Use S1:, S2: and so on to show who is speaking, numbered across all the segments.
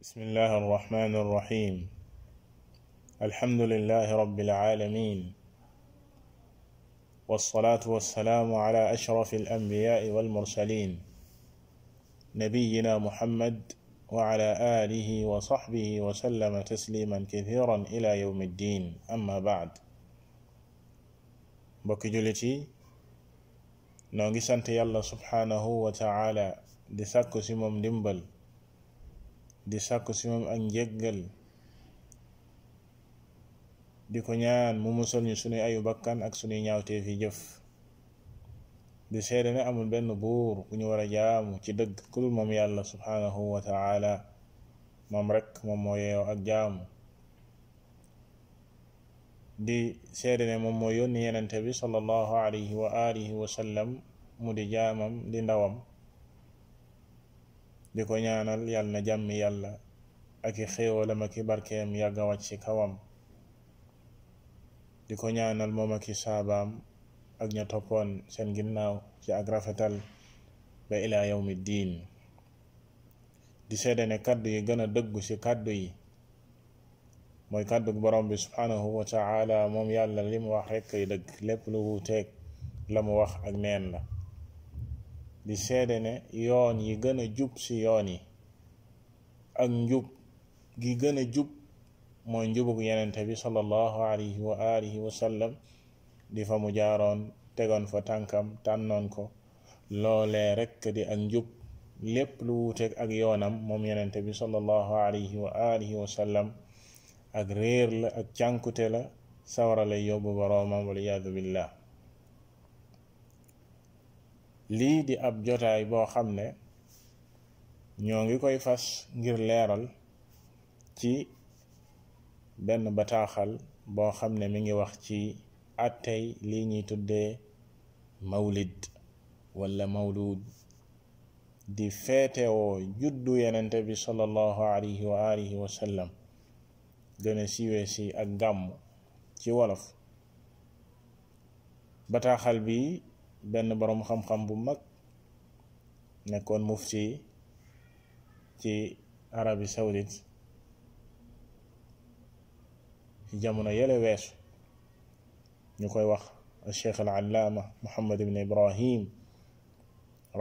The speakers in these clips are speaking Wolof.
S1: بسم الله الرحمن الرحيم الحمد لله رب العالمين والصلاة والسلام على أشرف الأنبياء والمرسلين نبينا محمد وعلى آله وصحبه وسلم تسليما كثيرا إلى يوم الدين أما بعد بكجلتي نوغي سنت يالله سبحانه وتعالى دي ساكو سيموم ديمبل di sàkk si moom ak njëggal di ko ñaan mu musal ñu sunuy ayu bakkan ak sunuy ñaawteef yi jëf di seede ne amul benn buur bu ñu war a jaamu ci dëgg ku dul moom yàlla subhaanahu wa taala rekk moom moo yeew ak jaamu di seede ne moom moo yónni yenente bi sallallahu alayhi wa alihi wa mu di jaamam di ndawam diko ñaanal yal na jàmmi yàlla ak i xéewalam ak i barkeem yàgg a wàcc ci kawam di ko ñaanal moom ak i saabaam ak ña toppoon seen ginnaaw ci ak rafetal ba ilaa yawmi diin di seede kàddu yi gën a dëggu ci kàddu yi mooy kàddu borom bi subhanahu wa taala moom yàlla li mu wax rek kay dëgg lépp lu wuuteeg la mu wax ak neen la di seede ne yoon yi gën a jub ci yoon yi ak njub gi gën a jub mooy njubug yenente bi sallallahu alayhi wa alihi wa di fa mu jaaroon tegoon fa tànkam tànnoon ko loolee rekk di ak njub lépp lu wuuteeg ak yoonam moom yenente bi sallallahu alayhi wa alihi wa ak réer la ak cànkute la sawara lay yóbbu boroomam waliyaadu billah lii di ab jotaay boo xam ne ñoo ngi koy fas ngir leeral ci benn bataaxal boo xam ne mi ngi wax ci attey lii ñuy tuddee mawlid wala mawlud di feetewoo juddu yenente bi sallallahu alayhi wa alihi wa sallam gën si ak gàmmu ci wolof bataaxal bi benn boroom xam-xam bu mag nekkoon mufti ci Arabie Saoudite jamono yële ñu koy wax cheikh al allaama muhammad ibn ibrahim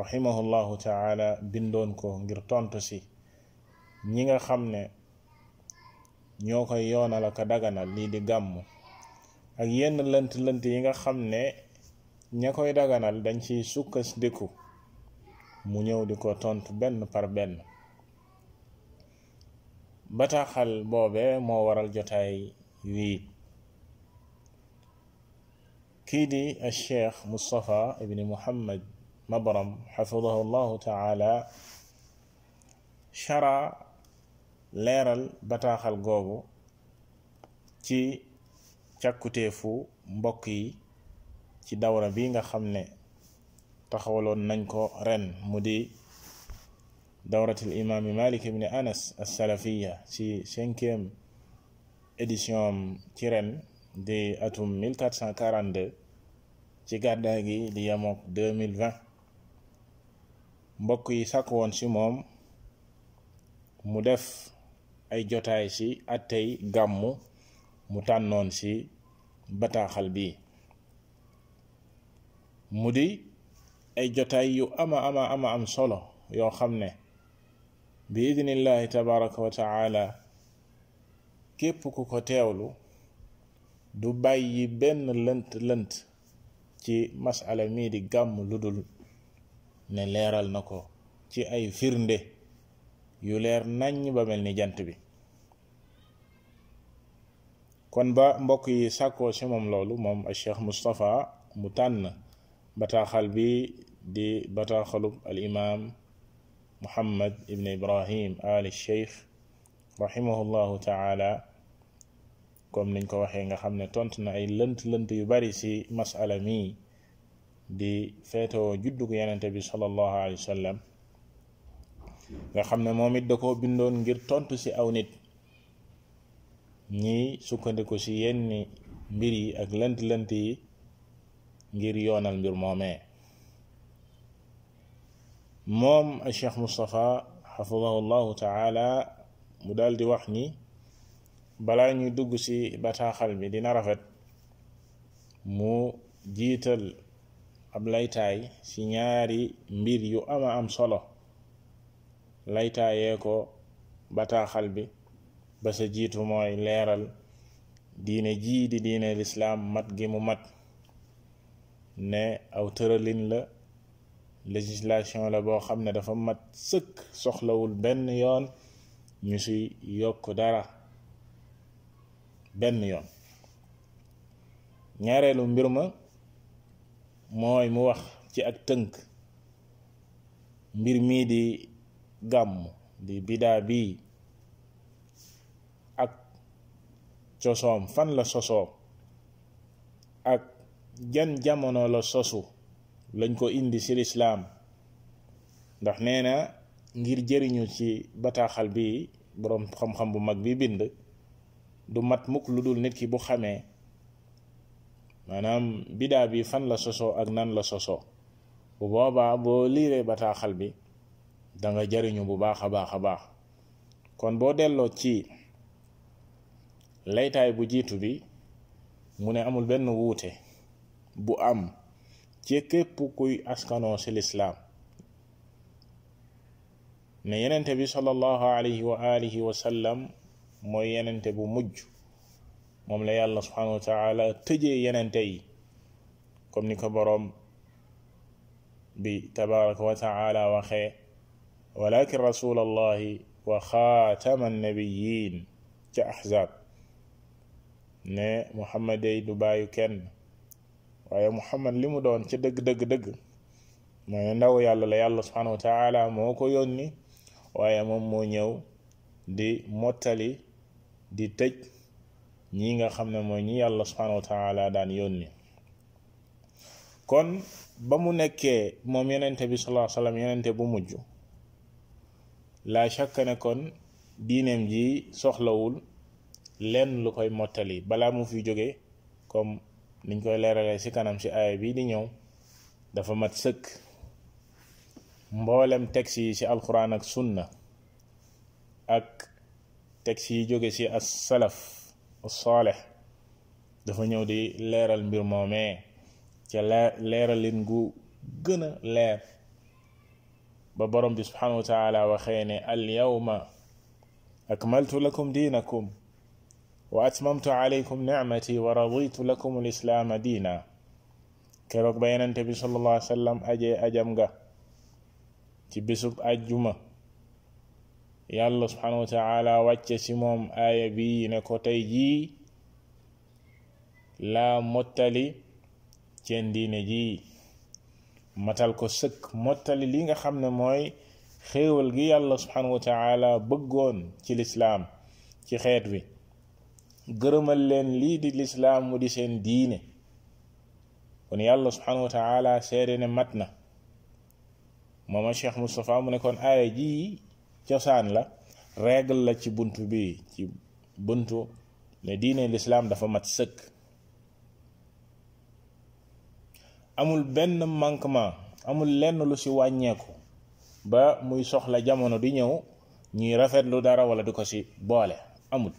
S1: rahimahullahu taala bindoon ko ngir tontu si ñi nga xam ne ñoo koy yoonal ak a daganal lii di gàmm ak yenn lënt lënt yi nga xam ne ña koy daganal dañ ciy sukkandiku mu ñëw di ko tontu benn par benn bataaxal boobe moo waral jotaay wii kii di cheikh Moustapha ibni Muhammad Mabaram xafidahu llahu taala chara leeral bataaxal googu ci càkkutéefu mbokk yi ci dawra bi nga xamne taxawalon nañ ko ren mudi dawratul imam malik ibn anas as-salafiyya ci 5e édition ci ren de atum 1442 ci gadda gi di yamok 2020 mbokk yi sak won ci mom mu def ay jotay ci atay gamu mu tannon ci bataxal bi mu di ay jotaay yu ama ama am solo yoo xam ne bi idnillahi tabaraka wa képp ku ko teewlu du bàyyi benn lënt lënt ci masala mii di gàmm lu dul ne leeral na ko ci ay firnde yu leer naññ ba mel ni jant bi kon ba mbokk yi sàkkoo ci moom loolu moom a Cheikh Moustapha mu tànn bataaxal bi di al imam muhammad ibn ibrahim ali sheikh rahimahullahu taala comme niñ ko waxee nga xam ne ay lënt lënt yu bari ci masala mi di feetoo juddug yenente bi sallallahu alayhi wa sallam nga xam ne moom it ngir tontu ci aw nit ñi sukkandiku ci yenn mbir yi ak lënt lënt ngir yoonal mbir moomee moom cheikh mustapha xafidahu llahu taala mu daal di wax ni balaa ñuy dugg ci bataaxal bi dina rafet mu jiital ab laytaay ci ñaari mbir yu ama am solo laytaayee ko bataaxal bi ba sa jiitu mooy leeral diine jii di diine lislaam mat gi mu mat ne aw tëralin la législation la bo xamne dafa mat seuk soxlawul ben yoon ñu ci yok dara ben yoon ñaarelu mbir moy mu wax ci ak teunk mbir mi di gam di bida bi ak ciosom fan la soso ak jan jamono la sosu lañ ko indi ci lislaam ndax nee na ngir jëriñu ci bataaxal bi boroom xam-xam bu mag bi bind du mat mukk lu dul nit ki bu xamee maanaam biddaa bi fan la sosoo ak nan la sosoo bu boobaa boo liiree bataaxal bi danga jariñu bu baax a baax a baax kon boo delloo ci laytaay bu jiitu bi mu ne amul benn wuute bu am ci képp kuy askanoo si lislaam ne yenente bi sallallahu alayhi wa alihi wa sallam mooy yenente bu mujj moom la yàlla subhanahu wa taala tëjee yenente yi comme ni ko borom bi tabaraka wa taala waxee walakin rasul allahi wa xaatama annabiyin ca ahzab ne muhammad day du bàyyu kenn waaye muhammad li mu doon ci dëgg dëgg dëgg mooy ndaw yàlla la yàlla subhanahu wa moo ko yónni waaye moom moo ñëw di mottali di tëj ñi nga xam ne mooy ñi yàlla subhanahu wa daan yónni kon ba mu nekkee moom yenente bi sallallahu alayhi yenente bu mujj la shakka ne kon diineem ji soxlawul lenn lu koy mottali balaa mu fi jóge comme niñ koy leralé ci kanam ci ay bi di ñëw dafa mat sëkk mboolem texte yi ci alquran ak sunna ak texte yi jóge ci as salaf as-salih dafa ñëw di leral mbir moomee ca leeralin gu gëna a leer ba borom bi subhanahu wa taala waxee ne al yawma akmaltu lakum dinakum واتممت عليكم نعمتي ورضيت لكم الاسلام دينا كروك بيننت بي صلى الله عليه وسلم اجي اجامغا تي بيسوب اجوما يالله سبحانه وتعالى واتي سي موم ايه بي نكو تاي جي لا متلي تين دين جي متال كو سك متلي ليغا خامن موي خيول جي يالله سبحانه وتعالى بغون تي الاسلام تي خيت وي gërëmal leen lii di lislaam mu di seen diine kon yàlla subhanahu wa ne mat na mooma cheikh moustapha mu ne kon aaya ji cosaan la règle la ci bunt bi ci buntu ne diine lislaam dafa mat sëkk amul benn manquement amul lenn lu ci wàññeeku ba muy soxla jamono di ñëw ñuy rafetlu dara wala di ko ci boole amul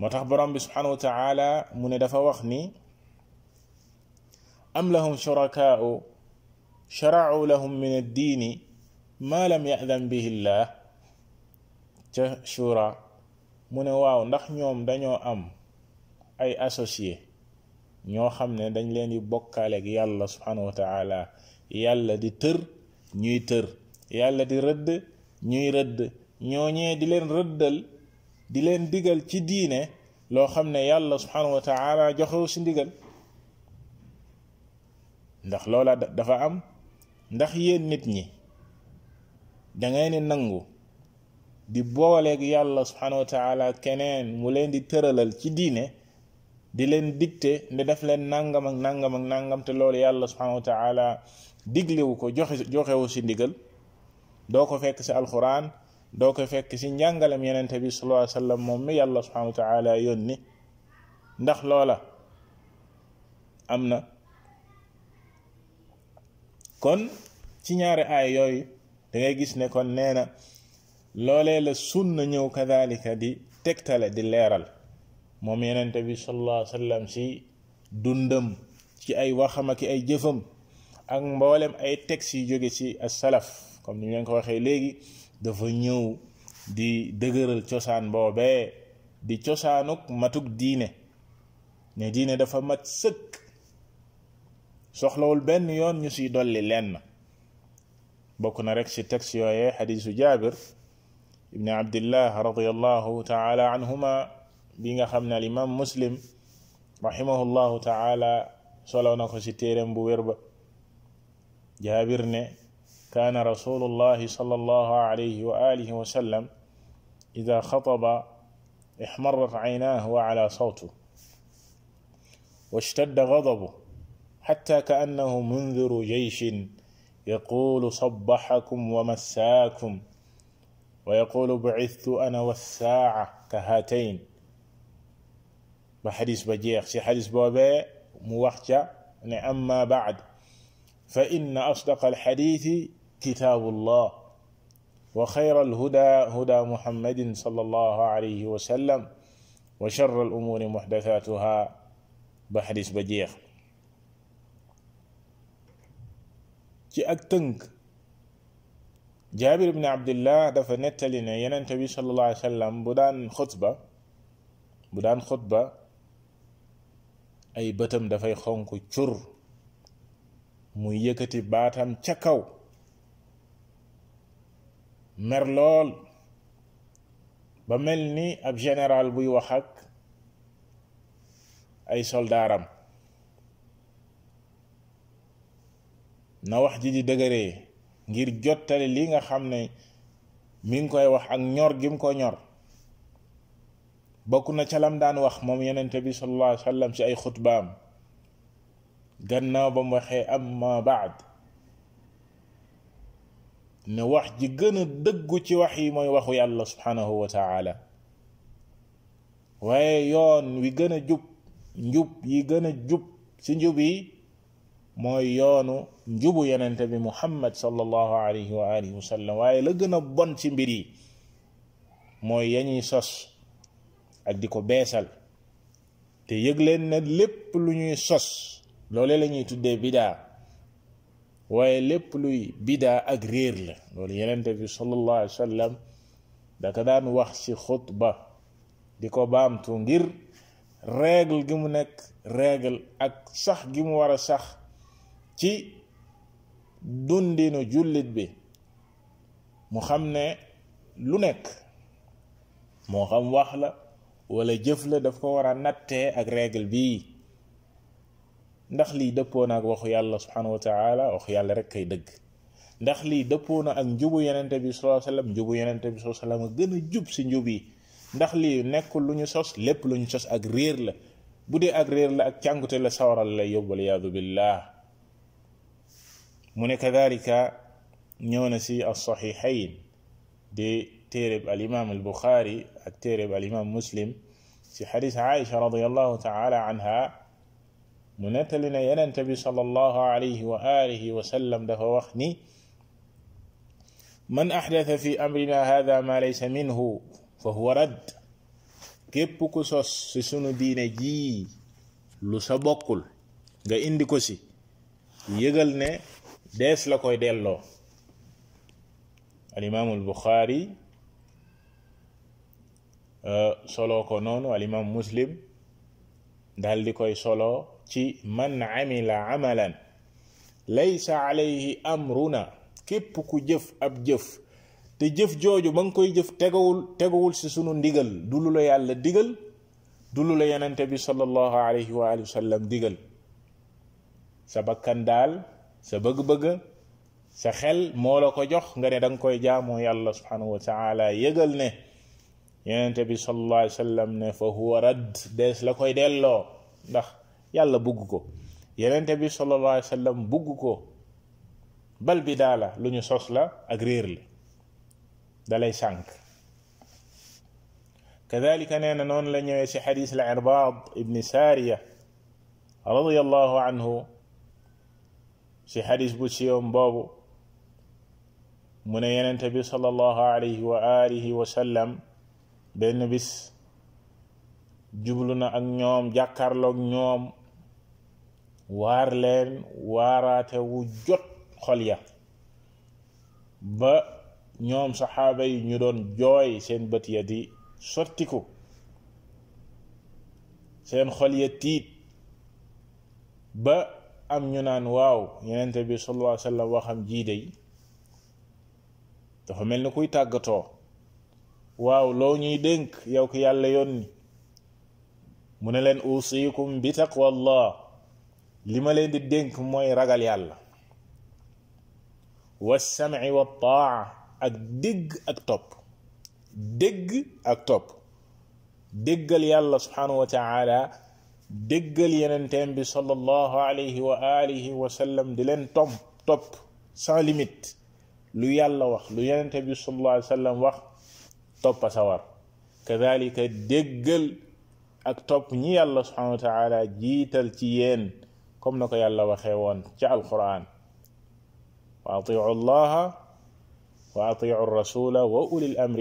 S1: moo tax borom bi subhanahu wa taala mu ne dafa wax ni am lahum shurakaau sharacuu lahum min addiini ma lam yadan bihi llah ca shura mu ne waaw ndax ñoom dañoo am ay associé ñoo xam ne dañ leen di bokkaale ak yàlla subhanahu wa taala yàlla di tër ñuy tër yàlla di rëdd ñuy rëdd ñooñee di leen rëddal di len digal ci diine lo xamne yàlla subhanahu wa taala joxewu ci digal ndax lola dafa am ndax yéen nit ñi ngay ne nangu di ak yàlla subhanahu wa taala keneen mu len di tëralal ci diine di len digte ne daf len nangam ak nangam ak nangam te loolu yàlla subhanahu wa taala diglewu ko joxe joxewu si ndigal doo fekk ci alquran doo koy fekk si njàngalam yenente bi sallallahu alayhi wa sallam moom mi yàlla subhanahu wa taala yónni ndax loola am na kon ci ñaari aay yooyu da ngay gis ne kon nee na loolee la sunna ñëw kadalika di tegtale di leeral moom yenente bi sallallahu alayhi wa sallam si dundam ci ay waxam ak ay jëfam ak mboolem ay textes yu jóge ci as salaf comme ni ñu leen ko waxee léegi dafa ñëw di dëgëral cosaan boobee di cosaanuk matuk diine ne diine dafa mat sëkk soxlawul benn yoon ñu siy dolli lenn bokk na rek si texte yooyee xadiisu jaabir ibni abdillah radiallahu taala anhuma bi nga xam ne alimaam muslim rahimahullahu taala solo na ko si téeréem bu wér ba jaabir ne كان رسول الله صلى الله عليه وآله وسلم إذا خطب احمرت عيناه وعلى صوته واشتد غضبه حتى كأنه منذر جيش يقول صبحكم ومساكم ويقول بعثت أنا والساعة كهاتين بحديث بجيخ سي حديث بابا موخجة يعني أما بعد فإن أصدق الحديث كتاب الله وخير الهدى هدى محمد صلى الله عليه وسلم وشر الأمور محدثاتها بحديث بجيخ كي أكتنك جابر بن عبد الله دفع نتلين ينتبي صلى الله عليه وسلم بدان خطبة بدان خطبة أي بتم دفع خونك تشر مو يكتي باتم mer lool ba mel ni ab général buy wax ak ay soldaaram na wax ji di dëgëree ngir jottali li nga xam ne mi ngi koy wax ak ñor gi mu ko ñor bokk na ca lam daan wax moom yonente bi sallallahu alayhi ci ay xutbaam gannaaw ba mu waxee amma baad ne wax ji gëna dëggu ci wax yi moy waxu yàlla subhanahu wa taala way yoon wi gëna jup njub yi gëna jup ci njub yi moy yoonu njubu yenente bi muhammad sallallahu alayhi wa alihi wa sallam waaye la gëna bon ci mbiri moy yañi sos ak diko ko te yëg ne lépp luñuy sos lolé lañuy tuddé tuddee bidaa waye lépp luy bida ak réer la loolu yenente bi sallallahu alayhi wasallam da ka dan wax ci khutba diko ko baamtu ngir règle gi mu nek règle ak sax gi mu wara sax ci dundino julit bi mu xamne lu nek mo xam wax la wala jëf la daf ko war a ak règle bi ndax li deppona ak waxu yàlla subhanahu wa taala wax yàlla rek kay deug ndax li deppona ak njubu yenente bi sallallahu alayhi wasallam njubu yenente bi sallallahu alayhi wasallam a jub ci njubi ndax li nekkul luñu sos lépp luñu sos ak réer la budé ak réer la ak càngute la sawaral la yobul liyaadu billah mune kadhalika ne ci as-sahihayn de tereb al-imam al-bukhari ak tereb al-imam muslim ci hadith aisha radiyallahu taala anha mu nettali ne yenente bi sallallahu alayhi wa alihi wa sallam dafa wax ni man axdata fi amrina hada ma laysa minhu fa huwa radd képp ku sos si sunu diine jii lu sa bokkul nga indi ko si yëgal ne dees la koy delloo alimamu albuxaari solo ko noonu alimam muslim daal di koy solo ci man amila amalan laysa alayhi amruna kep ku jëf ab jëf te jëf joju mang koy jëf tegawul tegawul ci sunu ndigal du lu la yàlla digal du lu la yenente bi sallallahu alayhi wa alihi wasallam sallam digal sa bakkan dal sa bëgg-bëgg sa xel mo la ko jox nga ne da koy jaamoo yàlla subhanahu wa taala yëgal ne yenente bi sallallahu alayhi wasallam ne fa huwa rad des la koy dello ndax yàlla bugg ko yenente bi sallallahu alayhi wasallam bugg ko bal bi daala lu ñu sos la ak réer la dalay كذلك نانا نون لن يوشي حديث العرباض ابن سارية رضي الله عنه سي حديث بوشيوم بابو من ينتبي صلى الله عليه وآله وسلم بين بس جبلنا أن يوم جاكارلو يوم waar leen waaraate wu jot xol ya ba ñoom saxaaba yi ñu doon jooy seen bët ya di sottiku seen xol ya tiit ba am ñu naan waaw yenent bi sallallahu alayhi waxam jiide dey dafa mel ni kuy tàggatoo waaw loo ñuy dénk yow ki yàlla yónni mu ne leen usikum bi taqwallah لِمَا لَنْ دِنْكُمْ مَوَيْ رَغَلْ يَاللَّهِ وَالسَّمْعِ وَالطَّاعَ أَكْ دِقْ أَكْ تَوْبْ دِقْ أَكْ الله سُبْحَانَهُ وَتَعَالَى دِقَّلْ يَنَنْتَيْنْ بِصَلَّى اللَّهُ عَلَيْهِ وَآلِهِ وَسَلَّمْ دِلَنْ تَوْبْ تَوْبْ سَنْ لِمِتْ لُو يَاللَّهُ وَخْ لُو يَنَنْتَيْنْ بِصَلَّى اللَّهُ عَلَيْهِ وَسَلَّمْ وَخْ تَوْبْ بَسَوَرْ كَذَلِكَ دِقَّلْ أَكْ تَوْبْ نِيَاللَّهُ سُبْحَانَهُ وَتَعَالَى جِيتَلْ تِيَنْ كم نقي الله وخيوان جاء القرآن وأطيع الله وأطيع الرسول وأولي الأمر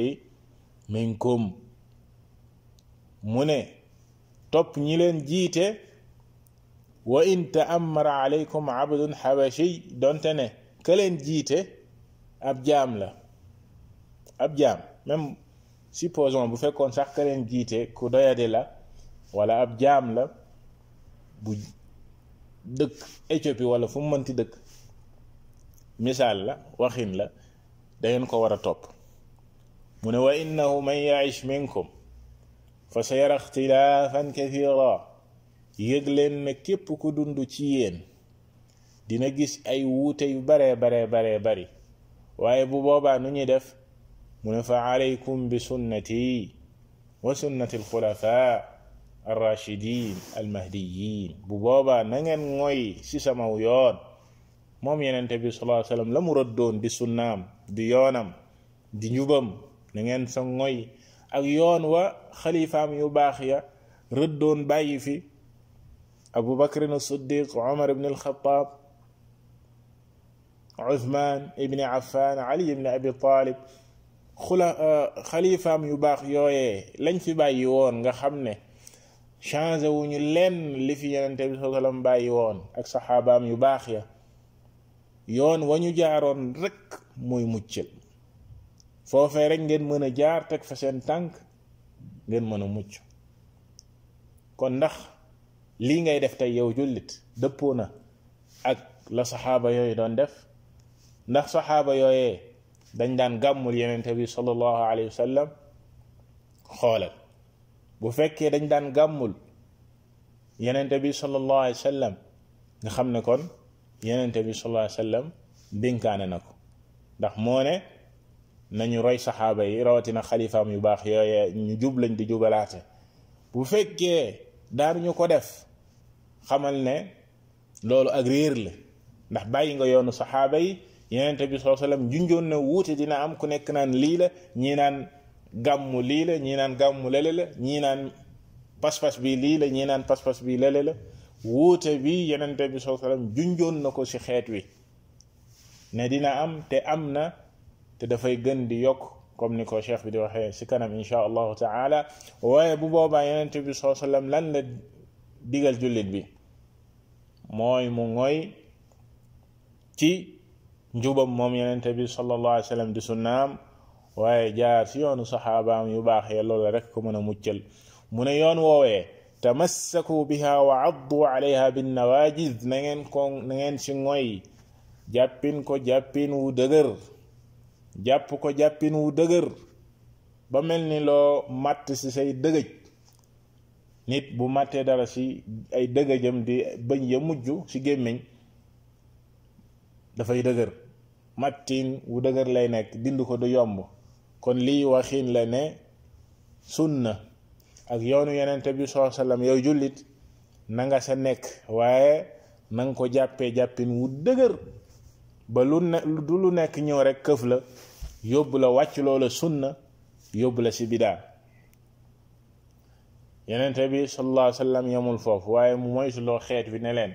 S1: منكم من توب نيلن جيته وإن تأمر عليكم عبد حبشي دونتني كلن جيته أب جاملة أب جام ميم سيبوزون بو فيكون ساخ كلن جيته كو ولا أب جاملة dëkk Éthiopie wala fu mu mënti dëkk misaal la waxin la dangeen ko war a topp mu ne wa innahu man yaish minkum fa sa yara ixtilaafan kathira yëg leen ne képp ko dund ci yéen dina gis ay wuute yu baree baree baree bari waaye bu boobaa nu ñuy def mu ne fa alaykum bi sunnati wa sunnati alxulafaa الراشدين المهديين بوبا نغن موي سي سما ويون موم يننت بي صلى الله عليه وسلم لم ردون دي سنام دي يونم دي نيوبم نغن سا موي اك يون وا خليفه ام يباخيا ردون باي في ابو بكر الصديق عمر بن الخطاب عثمان ابن عفان علي بن ابي طالب خلا آه، خليفه ام يباخ يوي لنج في باي يون nga xamne changé wuñu lenn li fi yenente bi sallam bàyyi won ak sahabaam yu bax ya yoon wañu ñu jaaroon rek mooy muccël fofé rek ngeen mëna jaar tek fa sen tànk ngeen mëna mucc kon ndax li ngay def tay yow julit deppona ak la sahaba yoy doon def ndax sahaba yoyé dañ dan gamul yenente bi sallallahu alayhi wasallam xolal bu fekke dañ daan gàmmul yenente bi sallallahu alayhi wasallam ni xamne xam ne kon yenente bi sallallahu alayhi wasallam dinkane nako ndax moone nañu roy sahaba yi rawatina xalifaam yu baax yooye ñu jub lañ di jubalaté bu fekke fekkee ñu ko def xamal ne lolu ak réer la ndax bàyyi nga yoonu sahaba yi yenente bi sallallahu alayhi wasallam sallam junjoon na wuute dina am ku nek nan li la ñi nan gàmmu lii la ñii naan gàmmu lele la ñii naan pas-pas bi lii la ñii naan pas-pas bi lele la wuute bi yenente bi sallam junjoon na ko ci xeet wi ne dina am te am na te dafay gën di yokk comme ni ko cheikh bi di waxee ci kanam insha allahu taala waaye bu boobaa yenente bi saa sallam lan la digal jullit bi mooy mu ngoy ci njubam moom yenente bi sallallahu alayhi wa sallam di sunnaam waaye jaar ci yoonu saxaabaam yu baaxee loola rek ko mën a muccal mu ne yoon woowee tamassaku biha wa addu alayha bin nawaajiz na ngeen ko nangeen ngeen ci ngoy jàppin ko jàppin wu dëgër jàpp ko jàppin wu dëgër ba mel ni loo matt ci say dëgëj nit bu màttee dara ci ay dëgëjam di bëñ ya mujj ci gémmiñ dafay dëgër mattin wu dëgër lay nekk dind ko du yomb kon li waxin la ne sunna ak yoonu yenente bi soo sallam yow julit na nga sa nekk waaye na nga ko jàppee jàppin wu dëgër ba lu ne du lu nekk ñëw rek këf la yóbbu la wàcc loola sunna yóbbu la si bidaa yenente bi sallallahu alayhi wa sallam yamul foofu waaye mu moytuloo xeet bi ne leen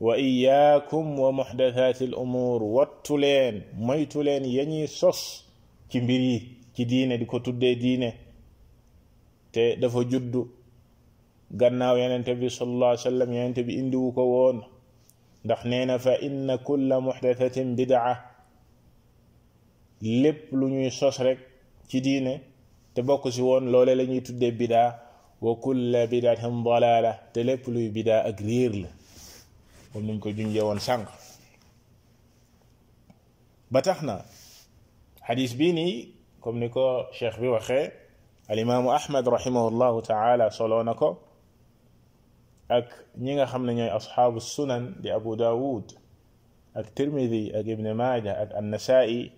S1: wa iyaakum wa muxdathaati al umuur wattu leen moytu leen yañuy sos ci mbir yi ci diine di ko tuddee diine te dafa juddu gannaaw yenente bi sallallahu alayhi wa sallam yenente bi indiwu ko woon ndax nee na fa inna kulla muhdathatin bidaa lépp lu ñuy sos rek ci diine te bokk ci woon loole la ñuy tuddee bidaa wa kulla bidatin dalala te lépp luy bidaa ak riir la moom nuñ ko junjee woon sànq ba tax na xadis bii nii comme ni ko cheikh bi waxee alimaamu ahmad rahimahullahu taala soloo na ko ak ñi nga xam ne ñooy asxaabu sunan di abu daawud ak tirmidi ak ibne maaja ak annasaa'i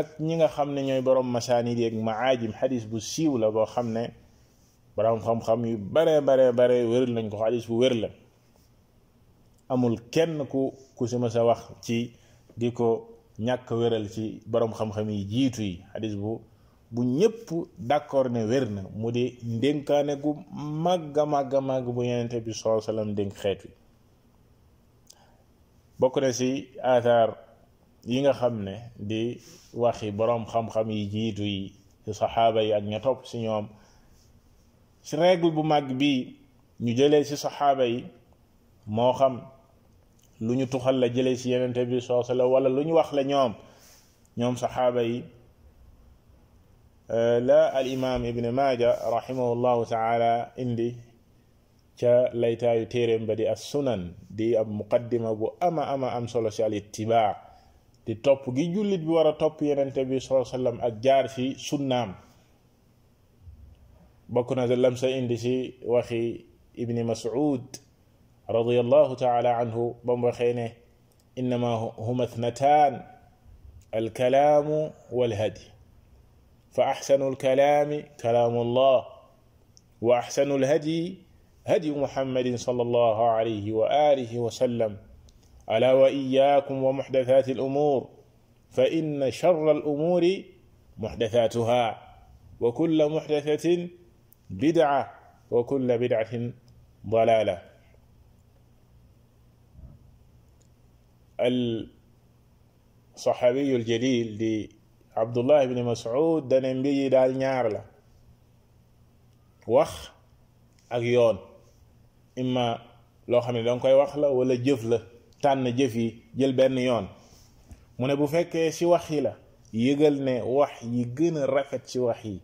S1: ak ñi nga xam ne ñooy borom masaanid yi ak maajim xadis bu siiw la boo xam ne borom xam-xam yu bare bare bare wér nañ ko xadis bu wér la amul kenn ku ku si mës a wax ci di ko ñàkk wéral ci boroom xam-xam yi jiitu yi xadis bu bu ñëpp d'accord ne wér na mu di ndénkaane gu màgg a màgg màgg bu yenente bi soo salaam dénk xeet wi bokk na ci athar yi nga xam ne di waxi boroom xam-xam yi jiitu yi ci saxaaba yi ak ña topp ci ñoom ci règle bu màgg bii ñu jëlee ci saxaaba yi moo xam lu ñu tuxal la jëlee si yenente bi soose la wala lu ñu wax la ñoom ñoom saxaaba yi la al imam ibn maaja rahimahullahu taala indi ca laytaayu téeréem ba di as sunan di ab muqaddima bu ama ama am solo si al ittibaa di topp gi jullit bi war a topp yenente bi soo sallam ak jaar si sunnaam bokk na lam sa indi si waxi ibni mas'ud رضي الله تعالى عنه بمرخينه إنما هما اثنتان الكلام والهدي فأحسن الكلام كلام الله وأحسن الهدي هدي محمد صلى الله عليه وآله وسلم ألا وإياكم ومحدثات الأمور فإن شر الأمور محدثاتها وكل محدثة بدعة وكل بدعة ضلالة الصحابي الجليل دي عبد الله بن مسعود danañ mbir yi daal ñaar la wax ak yoon imma loo xam ne danga koy wax la wala jëf la tànn jëf yi jël benn yoon mu ne bu fekkee ci wax yi la yëgal ne wax yi gën a rafet ci wax yi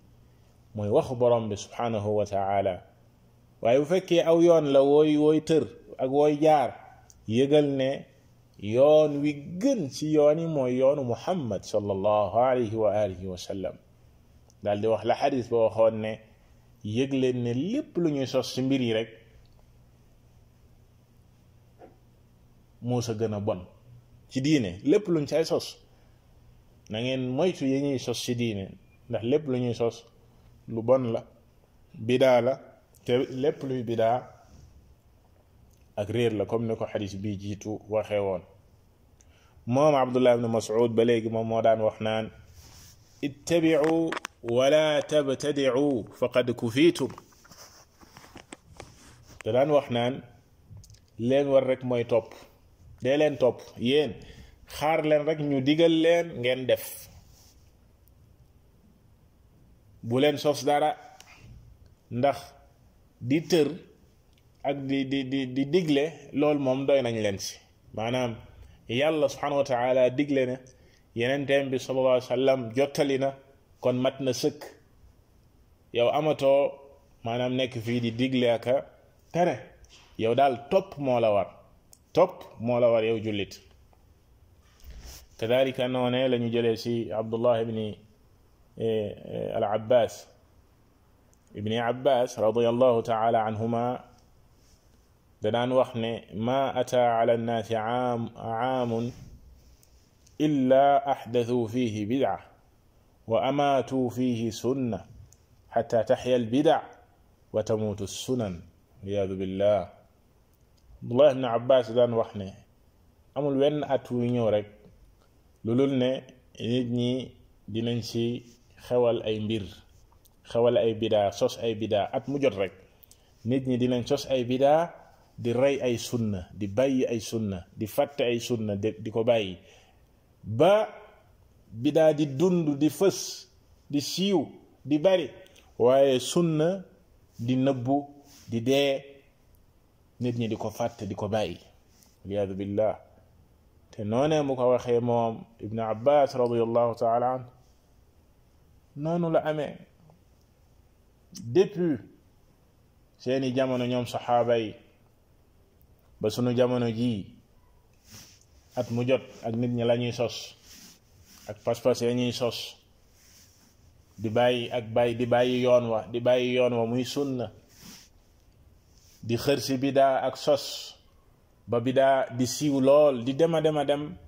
S1: mooy waxu borom bi subhanahu wa taala waaye bu fekkee aw yoon la wooy wooy tër ak wooy jaar yëgal ne يون ويغن سي يوني مو يون محمد صلى الله عليه واله وسلم دال دي واخ لا حديث بو خون ني يغلن ني ليب لو ني سوس سي ميري ريك موسى غنا بون سي دينه ليب لو ني سوس نانين مويتو يي ني سوس سي دينه ndax لب لو ني سوس لو بون لا بيدا لا تي ليب لو ak réer la comme niko hadith bi jitu waxe won mom abdullah ibn mas'ud ba léegi moom moo daan wax naan ittabicu wala tabtadicu faqad kufitum da wax nan len war rek moy top de len top yen xaar len rek ñu digal len ngeen def bu len sos dara ndax di teur ak di di di di digle loolu mom doy nañ len ci manam yàlla subhanahu wa taala digle na yenenteem bi sallallahu alayhi wasallam jotalina kon matna seuk yow amato manam nek fi di digle ak a tere yow dal top mo la war top mo la war yow julit kadalika noone la ñu jëlee si abdullah ibn al abbas ibni abbas radiallahu taala anhuma danaan wax ne ma ataa ala nnaasi aam aamun illa axdathuu fiihi bidca wa amaatuu fiihi sunna xata taxya albidac wa tamuutu sunan waliyaadu billah abdullah ibne abbas daan wax ne amul wenn at wu ñëw rek lu lul ne nit ñi dinañ ci xewal ay mbir xewal ay bidaa sos ay bidaa at mu jot rek nit ñi dinañ sos ay bidaa di ray ay sunna di bàyyi ay sunna di fàtte ay sunna di ko bàyyi ba bidaa di dund di fës di siiw di bari waaye sunna di nëbbu di dee nit ñi di ko fàtte di ko bàyyi waliyaadu billah te noonee mu ko waxee moom ibnu abbas radiallahu taala an noonu la amee depuis seeni jamono ñoom saxaaba yi ba sunu jamono ji at mu jot ak nit ñi lañuy sos ak pas-pas ya ñuy sos di bayyi ak bayyi di bayyi yoon wa di bayyi yoon wa muy sunna di xër bida bidaa ak sos ba bida di siiw lool di dema dema dem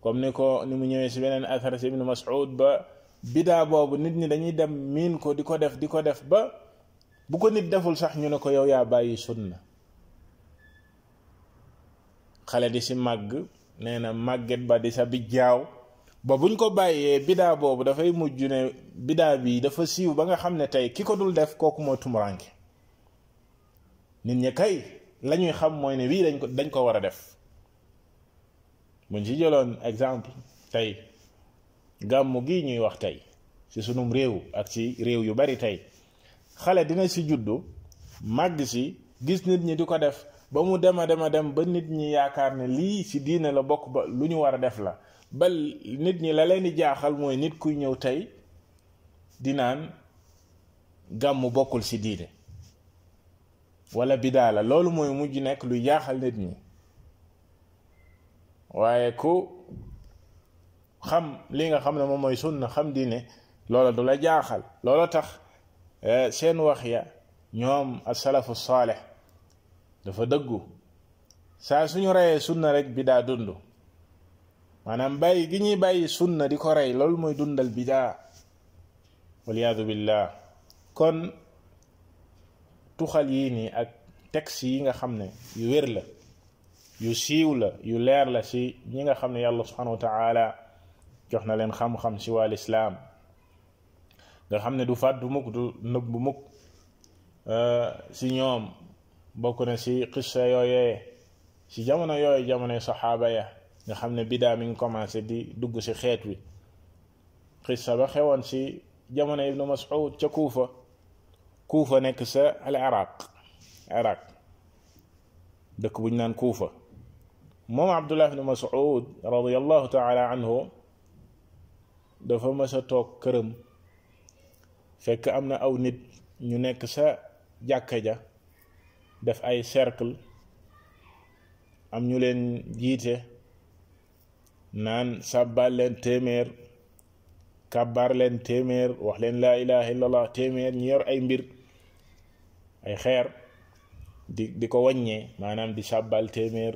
S1: comme ni ko ni mu ñëwee si beneen athar si mas'ud ba bidaa boobu nit ñi dañuy dem miin ko di ko def di ko def ba bu ko nit deful sax ñu ne ko yow yaa bayyi sunna xale di si màgg nee na màgget ba di sa bijjaaw ba buñ ko bàyyee bidaa boobu dafay mujj ne bidaa bii dafa siiw ba nga xam ne tey ki ko dul def kooku mooy tumuranke nit ñi kay lañuy xam mooy ne wii dañ ko dañ ko war a def buñ ci jëloon exemple tey gàmmu gi ñuy wax tey ci sunum réew ak si réew yu bari tey xale dina si juddu màgg si gis nit ñi di ko def ba mu dema dema dem ba nit ñi yaakaar ne lii ci diine la bokk ba lu ñu war a def la ba nit ñi la leen di jaaxal mooy nit kuy ñëw tey naan gàmm bokkul ci diine wala bidaa la loolu mooy mujj nekk lu jaaxal nit ñi waaye ku xam li nga xam ne moom mooy sunna xam diine loola du la jaaxal loola tax seen wax ya ñoom asalafu saaleh dafa dëggu sa suñu reyee sunna rek bidaa dundu manam bàyyi gi ñi bàyyi sunna di ko rey loolu mooy dundal bidaa yaad billah kon tuxal yi ni ak texte yi nga xamne yu wér la yu siiw la yu leer la ci ñi nga xamne yàlla subhanahu wa taala jox na leen xam-xam ci wal islam nga xam ne du fàddu mukk du muk euh si ñoom bokk na si xissa yooyee si jamono yoyé jamono sahaba ya nga xamné bida mi ngi commencé di dugg ci xeet wi qissa ba xewon ci jamono ibn mas'ud ci kufa kufa nek sa al iraq iraq dëkk buñ nan kufa mom abdullah ibn mas'ud radiyallahu taala anhu dafa ma sa tok kërëm fekk amna aw nit ñu nek sa jàkka ja def ay cercle am ñu leen jiite naan sàbbaal leen téeméer kàbbaar leen téeméer wax leen laa ilaha illallah téeméer ñu yor ay mbir ay xeer di di ko wàññee maanaam di sàbbaal téeméer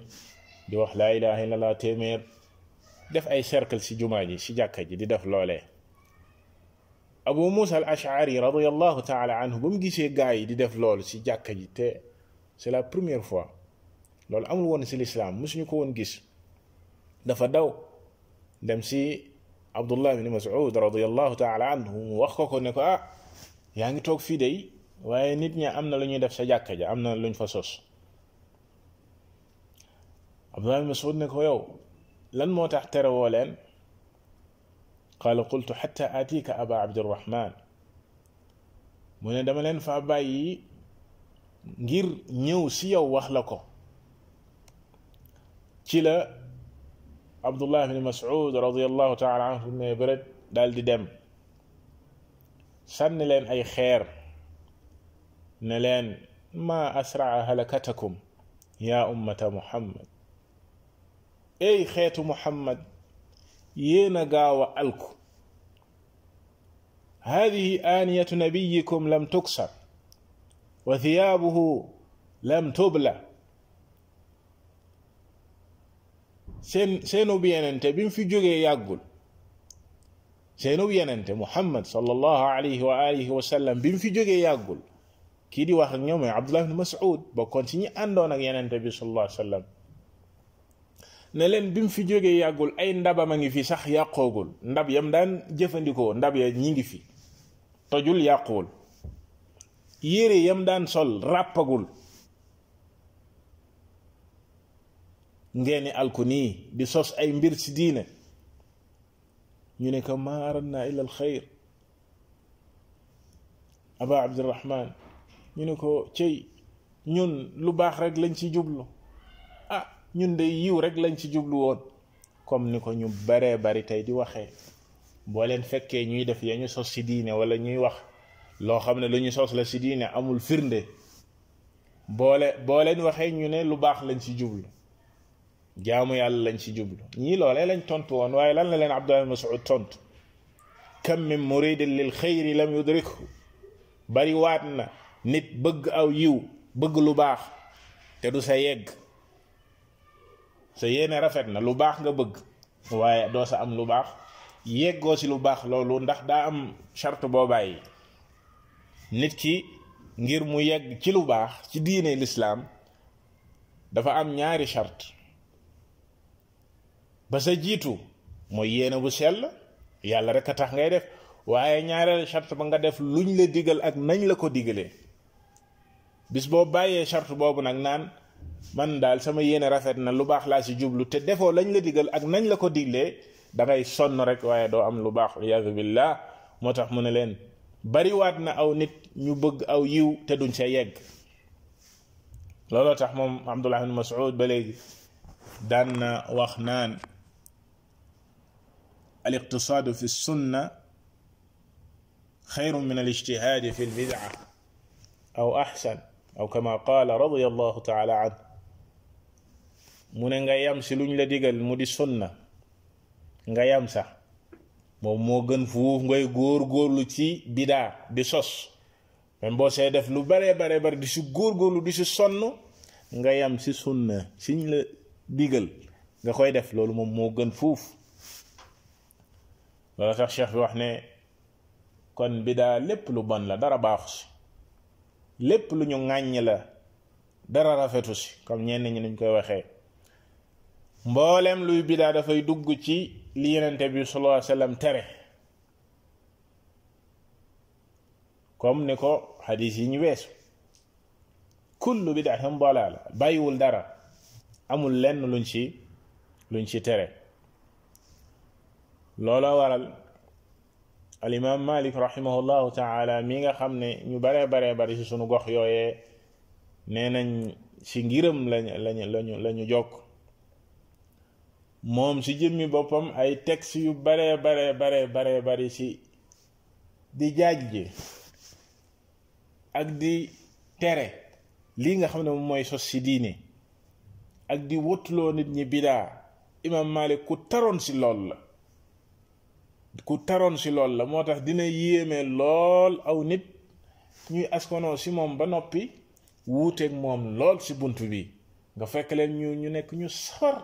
S1: di wax laa ilaha illallah téeméer def ay cercle si jumaa ji si jàkka ji di def loolee abu musa al ashari radiallahu taala anhu ba mu gisee gaa yi di def loolu si jàkka ji te c'est la première fois lol amul won ci l'islam mosuñu ko won gis dafa daw dem ci abdullah ibn masud radiyallahu taala anhu wax ko ko ne ko ah yaangi tok fi fii waye nit ñi amna na lu ñuy def sa jàkka ja amna luñ fa sos abdullah ibn masud ne ko yow lan motax tere wo len qala qultu hatta atika aba abdurrahman mune dama len fa bàyyi ngir ñëw ci yow wax la ko ci la abdullah ibn mas'ud radiyallahu taala anhu ne bëret dal di dem sànni len ay xeer ne len ma asraa halakatakum ya ummat muhammad ay xeetu muhammad yena gawa alku hadihi aaniyatu nabiyikum lam tuksar وثيابه لم تبلع seen seenub yenente bi mu fi jógee yàggul seenub yenente muhammad sallallahu alayhi wa alihi wa sallam bi mu fi jógee yàggul kii di wax ak ñoom mooy abdullah ibn mas'ud bokkoon ci ñi àndoon ak yenente bi sallallahu alayhi wa sallam ne leen bi mu fi jógee yàggul ay ndabam a ngi fi sax yàqoogul ndab yam daan jëfandikoo ndab ya ñi ngi fi tojul yàquwul yére yam daan sol ràppagul ngeeni alku nii di sos ay mbir ci diine ñu ne ko ma aradna illa al xayr aba abdirahman ñu ne ko cey ñun lu baax rek lañ ci jublu ah ñun de yiw rek lañ ci jublu woon comme ni ko ñu baree bari tey di waxee boo leen fekkee ñuy def ya ñu sos ci diine wala ñuy wax lo xamne lañu sos la ci diine amul firnde boole boo leen waxee ñu ne lu baax lañ ci jublu jaamu yàlla lañ ci jublu ñi lolé lañ tontu won waaye lan la leen abdou masud tontu kam min murid lil khair lam yudrikhu bari wat na nit bëgg aw yiw bëgg lu baax te du sa yegg sa yene rafet na lu baax nga bëgg waye do sa am lu baax yeggo ci lu baax lolou ndax da am charte bo baye nit ki ngir mu yegg ci lu baax ci diine lislaam dafa am ñaari charte ba sa jiitu mooy yéene bu sell yàlla rek a tax ngay def waaye ñaareel charte ba nga def lu ñu la digal ak nañ la ko digle bis boo bàyyee charte boobu nag naan man daal sama yéene rafet na lu baax laa si jublu te defoo lañ la digal ak nañ la ko diglee dangay sonn rek waaye doo am lu baax liyaadu billah moo tax mu ne leen bariwaat na aw nit ñu bëgg aw yiw te duñ ca yegg looloo tax moom abdullah ibn mas'ud ba léegi daan na wax naan al iqtisaadu fi sunna خير من الاجتهاد fi البدعة أو أحسن أو كما قال رضي الله تعالى عنه من nga yam si luñ la digal mu di sunna nga yam sax moom moo gën fuuf ngay góor góorlu ci bidaa di sos même boo see def lu baree baree bari di si góor góorlu di si sonn nga yam si sunna siñ la digal nga koy def loolu moom moo gën fuuf loolu tax cheikh bi wax ne kon bidaa lépp lu bon la dara baaxu si lépp lu ñu ŋàññ la dara rafetu si comme ñenn ñi nuñ koy waxee mbollem luy bida da fay dugg ci li yenente bi sallallahu alayhi wasallam tere comme niko hadith yi ñu wess kullu bid'atin dalaala bayul dara amul lenn luñ ci luñ ci tere lola waral al imam malik rahimahullah taala mi nga xamne ñu bare bare bare ci sunu gox yoyé nenañ ci ngiram lañ lañ lañu jokk moom ci jëmmi boppam ay texte yu bare baree baree baree bari ci di jaaj ji ak di tere lii nga xam ne moom mooy sos ci diine ak di wotuloo nit ñi bidaa imaam Malik ku taroon ci lool la ku taroon si lool la moo tax dina yéeme lool aw nit ñuy askanoo si moom ba noppi wuuteeg moom lool si bunt bi nga fekk leen ñu ñu nekk ñu sawar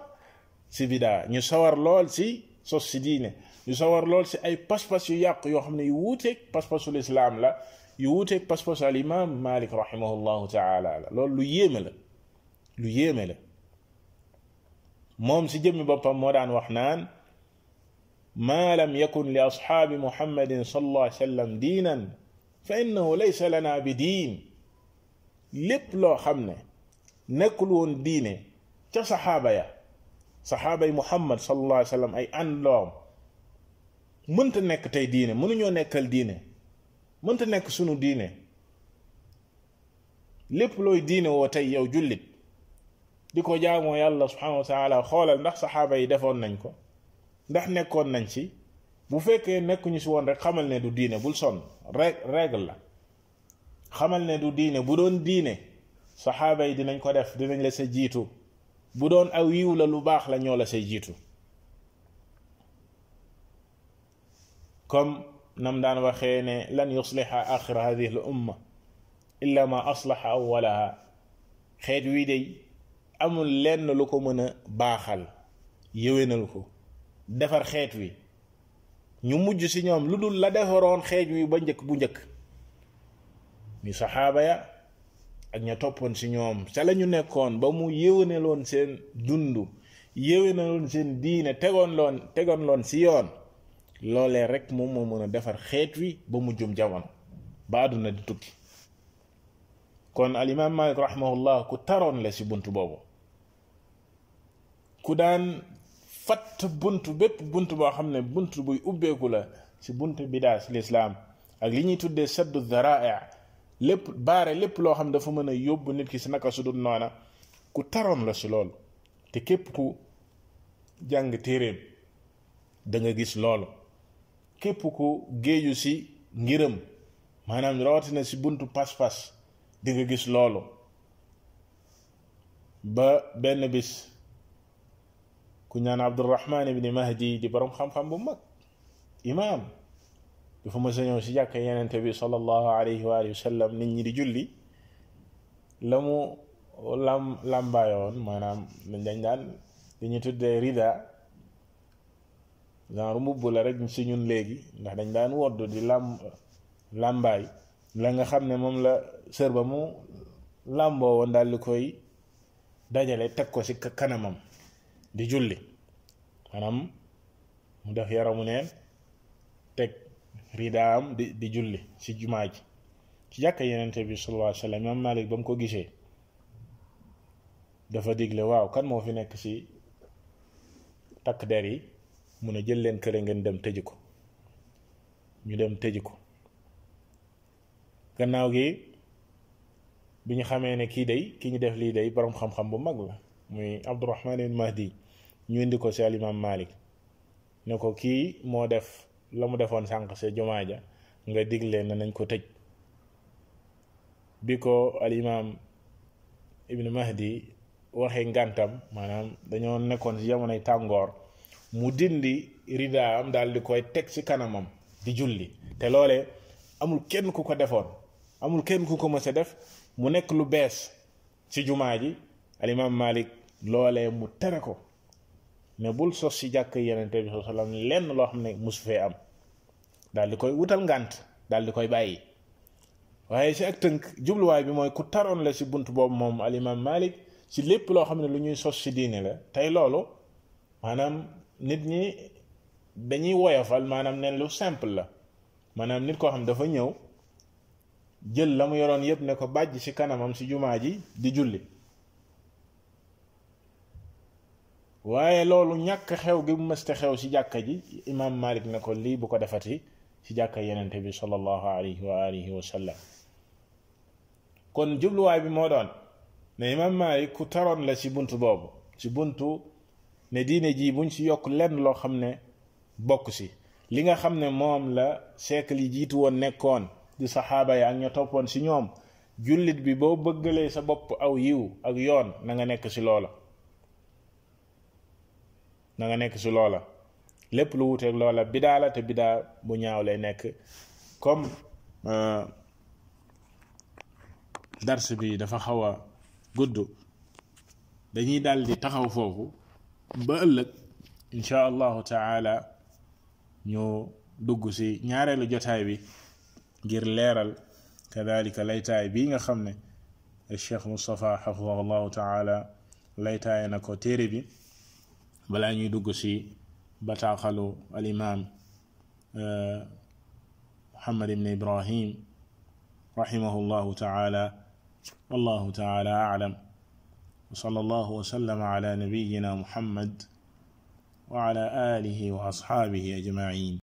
S1: ci bida ñu sawar lool ci sos ci diine ñu sawar lool ci ay pas-pas yu yàq yoo xam ne yu wuuteeg pas-pasu lislaam la yu wuuteeg pas-pasu al imam malik rahimahullahu taala la loolu lu yéeme la lu yéeme la moom si jëmmi boppam moo daan wax naan ما لم يكن لأصحاب محمد صلى الله عليه وسلم دينا فإنه ليس لنا بدين لب لو خمنا نكلون دينه تا يا sahaba muhammad sallallahu alayhi wasallam sallam ay àndoom mënta nekk tey diine mënuñoo nekkal diine munta nek sunu diine lépp loy diine wo tay yow julit diko jaamo yàlla subhanahu wa taala xolal ndax sahaba yi defon nañ ko ndax nekkon nañ ci bu fekke nekku ñu ci won rek xamal ne du diine bul son reg règle la xamal ne du diine bu doon diine sahaba yi dinañ ko def dinañ la sa jitu bu doon aw yiw la lu baax la ñoo la say jiitu comme nam daan waxee ne lan yusliha axira hadihi al umma illa ma aslaha awalaha xeet wii day amul lenn lu ko mën a baaxal yëwénal ko defar xeet wi ñu mujj si ñoom lu dul la defaroon xeet wi ba njëkk bu njëkk mi saxaaba ya ak ña toppoon ci ñoom ca la ñu nekkoon ba mu loon seen dund yéwénaloon seen diine tegoon loon tegoon loon ci yoon loolee rek moom moo mën a defar xeet wi ba mu jum jamono ba àdduna di tukki kon alimaam Maalik rahimahullah ku taroon la ci bunt boobu ku daan fatt bunt bépp bunt boo xam ne bunt buy ubbeeku la ci bunt bidaa ci lislaam ak li ñuy tuddee saddu dharaa lépp baare lépp loo xam dafa mën a yóbbu nit ki si naka su dul noona ku taroon la si loolu te képp ku jàng téeréem da gis loolu képp ku géeju si ngiram maanaam rawatina si buntu pas-pas di gis loolu ba benn bis ku ñaan Abdurrahman ibni Mahdi di borom xam-xam bu mag imaam dafa ma a ñëw si jàkk yenente bi sallallahu alayhi wa sallam nit ñi di julli la mu lam làmbaayoon maanaam dañ daan li tuddee rida genre mbubb la rek si ñun léegi ndax dañ daan wodd di làmb làmbaay la nga xam ne moom la sër ba mu làmboo woon daal di koy dajale teg ko si kanamam di julli maanaam mu def yaramu neen teg ridaam di di julli ci jumaa ji ci jàkka yenente bi sallallahu alayhi wa sallam ba mu ko gisee dafa digle waaw kan moo fi nekk ci takk der yi mu ne jël leen këre ngeen dem tëji ko ñu dem tëji ko gannaaw gi bi ñu xamee ne kii dey ki ñu def lii day borom xam-xam bu mag la muy Abdurahmaan Mahdi ñu indi ko ci alimaam Maalik ne ko kii moo def la mu defoon sànq sa jumaa ja nga digle na nañ ko tëj bi ko al imaam ibnu mahdi waxee ngàntam maanaam dañoo nekkoon ci jamonoy tàngoor mu dindi ridaam daal di koy teg ci kanamam di julli te loole amul kenn ku ko defoon amul kenn ku ko mës def mu nekk lu bees ci jumaa ji al imaam loolee mu tere ko mais bul sos si jàkk yenente bi sallallahu lenn loo xam ne musu fee am daal di koy wutal ngànt daal di koy bàyyi waaye si ak tënk jubluwaay bi mooy ku taroon la si bunt boobu moom alimaam Malik si lépp loo xam ne lu ñuy sos si diine la tey loolu maanaam nit ñi dañuy woyofal maanaam ne lu simple la maanaam nit koo xam dafa ñëw jël la mu yoroon yépp ne ko bàjj si kanamam si jumaa ji di julli waaye loolu ñàkk xew gi mu mësta xew ci jàkka ji imaam Malik na ko lii bu ko defati ci jàkka yenente bi sallallahu alayhi wa alihi wa sallam kon jubluwaay bi moo doon ne imaam Malik ku taroon la ci buntu boobu ci buntu ne diine jii buñ ci yokk lenn loo xam ne bokk si li nga xam ne moom la siècle yi jiitu woon nekkoon di saxaaba yi ak ña toppoon ci ñoom jullit bi boo bëggalee sa bopp aw yiw ak yoon na nga nekk si loola na nga nekk si loola lépp lu wuteeg loola bidaa la te bidaa bu ñaaw lay nekk comme dars bi dafa xaw a gudd dañuy daal di taxaw foofu ba ëllëg insha allahu taala ñu dugg si ñaareelu jotaay bi ngir leeral kadalika laytaay bii nga xam ne cheikh mustapha xafidahu allahu taala laytaay na ko téere bi balaa ñuy dugg si bataaxalu alimaam euh, muhammad ibn ibrahim رحمه الله تعالى والله تعالى أعلم وصلى الله وسلم على نبينا محمد وعلى آله وأصحابه أجمعين